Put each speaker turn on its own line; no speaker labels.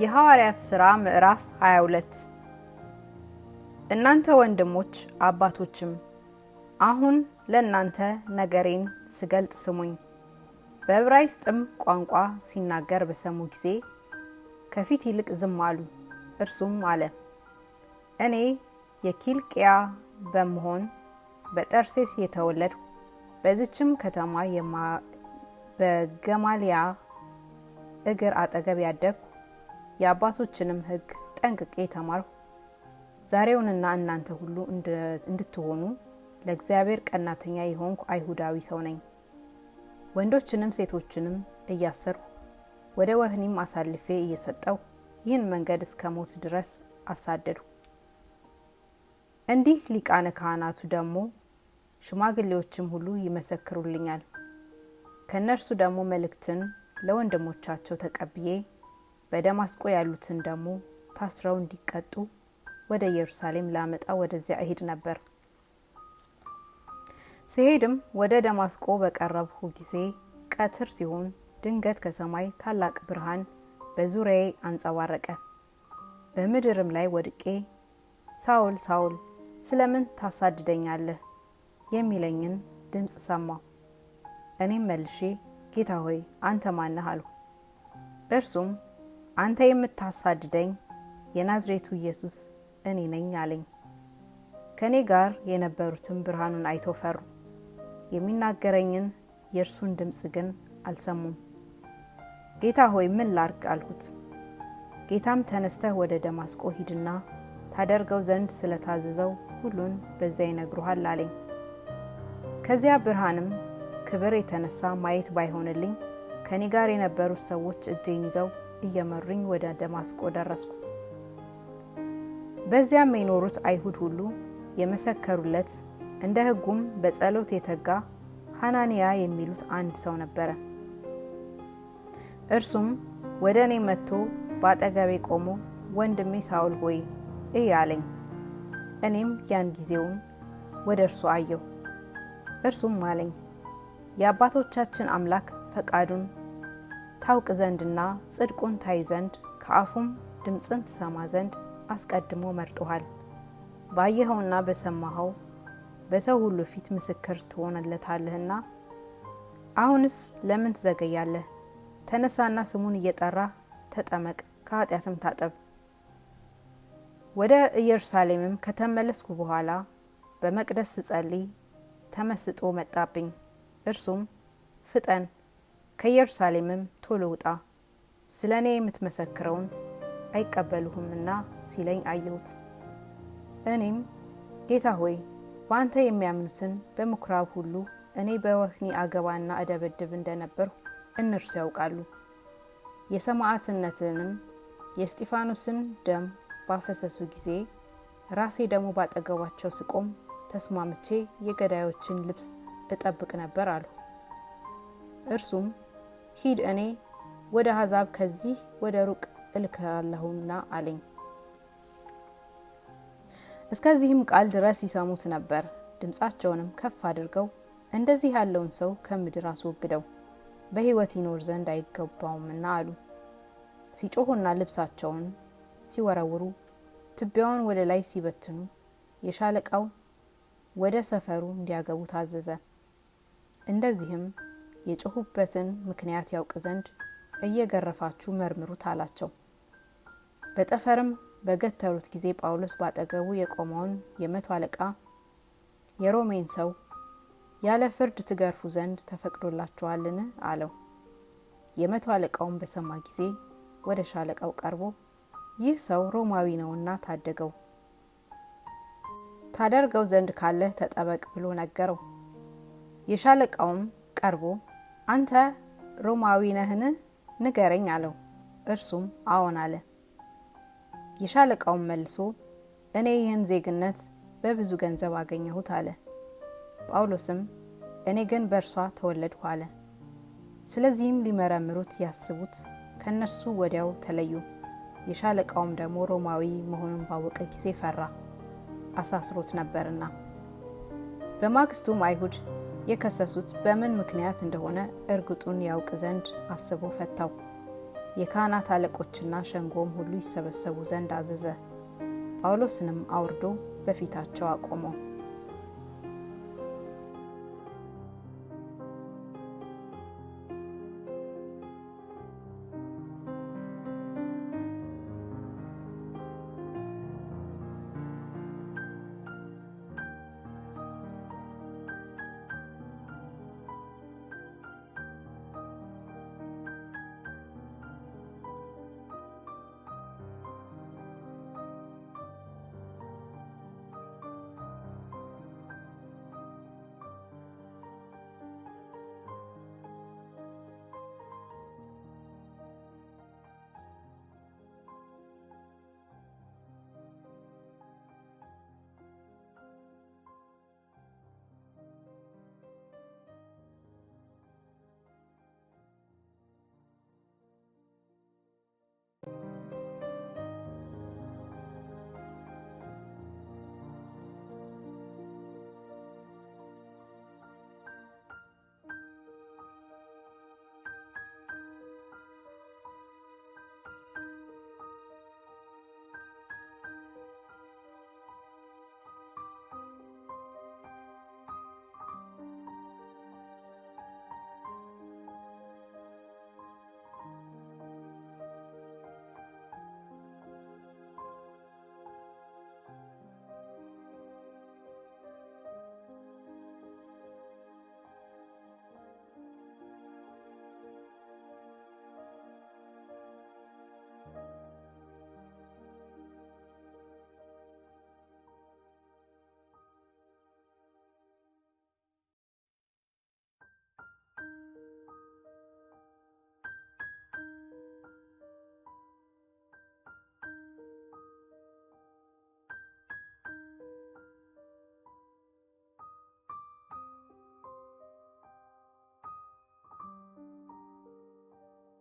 የሐዋርያት ሥራ ምዕራፍ 22 እናንተ ወንድሞች አባቶችም አሁን ለእናንተ ነገሬን ስገልጥ ስሙኝ። በዕብራይስጥም ቋንቋ ሲናገር በሰሙ ጊዜ ከፊት ይልቅ ዝም አሉ። እርሱም አለ፣ እኔ የኪልቅያ በመሆን በጠርሴስ የተወለድ በዚችም ከተማ በገማሊያ እግር አጠገብ ያደግኩ የአባቶችንም ሕግ ጠንቅቄ ተማርሁ። ዛሬውንና እናንተ ሁሉ እንድትሆኑ ለእግዚአብሔር ቀናተኛ የሆንኩ አይሁዳዊ ሰው ነኝ። ወንዶችንም ሴቶችንም እያሰርሁ ወደ ወህኒም አሳልፌ እየሰጠው ይህን መንገድ እስከ ሞት ድረስ አሳደዱ። እንዲህ ሊቃነ ካህናቱ ደግሞ ሽማግሌዎችም ሁሉ ይመሰክሩልኛል። ከእነርሱ ደግሞ መልእክትን ለወንድሞቻቸው ተቀብዬ በደማስቆ ያሉትን ደግሞ ታስረው እንዲቀጡ ወደ ኢየሩሳሌም ላመጣ ወደዚያ እሄድ ነበር። ስሄድም ወደ ደማስቆ በቀረብሁ ጊዜ ቀትር ሲሆን ድንገት ከሰማይ ታላቅ ብርሃን በዙሪያዬ አንጸባረቀ። በምድርም ላይ ወድቄ ሳውል ሳውል ስለምን ታሳድደኛለህ የሚለኝን ድምፅ ሰማሁ። እኔም መልሼ ጌታ ሆይ አንተ ማነህ አልሁ። እርሱም አንተ የምታሳድደኝ የናዝሬቱ ኢየሱስ እኔ ነኝ አለኝ። ከእኔ ጋር የነበሩትም ብርሃኑን አይተው ፈሩ። የሚናገረኝን የእርሱን ድምፅ ግን አልሰሙም። ጌታ ሆይ ምን ላርግ አልሁት። ጌታም ተነስተህ ወደ ደማስቆ ሂድና ታደርገው ዘንድ ስለታዘዘው ሁሉን በዚያ ይነግሩሃል አለኝ። ከዚያ ብርሃንም ክብር የተነሳ ማየት ባይሆንልኝ ከእኔ ጋር የነበሩት ሰዎች እጄን ይዘው እየመሩኝ ወደ ደማስቆ ደረስኩ። በዚያም የኖሩት አይሁድ ሁሉ የመሰከሩለት እንደ ሕጉም በጸሎት የተጋ ሐናንያ የሚሉት አንድ ሰው ነበረ። እርሱም ወደ እኔ መጥቶ በአጠገቤ ቆሞ ወንድሜ ሳውል ሆይ እይ አለኝ። እኔም ያን ጊዜውን ወደ እርሱ አየሁ። እርሱም አለኝ የአባቶቻችን አምላክ ፈቃዱን ታውቅ ዘንድና ጽድቁን ታይ ዘንድ ከአፉም ድምፅን ትሰማ ዘንድ አስቀድሞ መርጦሃል። ባየኸውና በሰማኸው በሰው ሁሉ ፊት ምስክር ትሆንለታለህና። አሁንስ ለምን ትዘገያለህ? ተነሳና ስሙን እየጠራ ተጠመቅ፣ ከኃጢአትም ታጠብ። ወደ ኢየሩሳሌምም ከተመለስኩ በኋላ በመቅደስ ስጸልይ ተመስጦ መጣብኝ። እርሱም ፍጠን ከኢየሩሳሌምም ቶሎ ውጣ፣ ስለ እኔ የምትመሰክረውን አይቀበሉህምና ሲለኝ አየሁት። እኔም ጌታ ሆይ በአንተ የሚያምኑትን በምኩራብ ሁሉ እኔ በወህኒ አገባና እደበድብ እንደነበርሁ እነርሱ ያውቃሉ። የሰማዕትነትንም የእስጢፋኖስን ደም ባፈሰሱ ጊዜ ራሴ ደግሞ ባጠገባቸው ስቆም ተስማምቼ የገዳዮችን ልብስ እጠብቅ ነበር አሉ። እርሱም ሂድ እኔ ወደ አሕዛብ ከዚህ ወደ ሩቅ እልክላለሁና አለኝ። እስከዚህም ቃል ድረስ ይሰሙት ነበር። ድምፃቸውንም ከፍ አድርገው እንደዚህ ያለውን ሰው ከምድር አስወግደው በሕይወት ይኖር ዘንድ አይገባውምና አሉ። ሲጮሁና ልብሳቸውን ሲወረውሩ ትቢያውን ወደ ላይ ሲበትኑ የሻለቃው ወደ ሰፈሩ እንዲያገቡ ታዘዘ። እንደዚህም የጮሁበትን ምክንያት ያውቅ ዘንድ እየገረፋችሁ መርምሩት አላቸው። በጠፈርም በገተሩት ጊዜ ጳውሎስ ባጠገቡ የቆመውን የመቶ አለቃ የሮሜን ሰው ያለ ፍርድ ትገርፉ ዘንድ ተፈቅዶላችኋልን? አለው። የመቶ አለቃውን በሰማ ጊዜ ወደ ሻለቃው ቀርቦ ይህ ሰው ሮማዊ ነውና ታደገው፣ ታደርገው ዘንድ ካለህ ተጠበቅ ብሎ ነገረው። የሻለቃውም ቀርቦ አንተ ሮማዊ ነህን? ንገረኝ አለው። እርሱም አዎን አለ። የሻለቃውን መልሶ እኔ ይህን ዜግነት በብዙ ገንዘብ አገኘሁት አለ። ጳውሎስም እኔ ግን በእርሷ ተወለድሁ አለ። ስለዚህም ሊመረምሩት ያስቡት ከእነርሱ ወዲያው ተለዩ። የሻለቃውም ደግሞ ሮማዊ መሆኑን ባወቀ ጊዜ ፈራ፣ አሳስሮት ነበርና። በማግስቱም አይሁድ የከሰሱት በምን ምክንያት እንደሆነ እርግጡን ያውቅ ዘንድ አስቦ ፈታው። የካህናት አለቆችና ሸንጎም ሁሉ ይሰበሰቡ ዘንድ አዘዘ። ጳውሎስንም አውርዶ በፊታቸው አቆመው።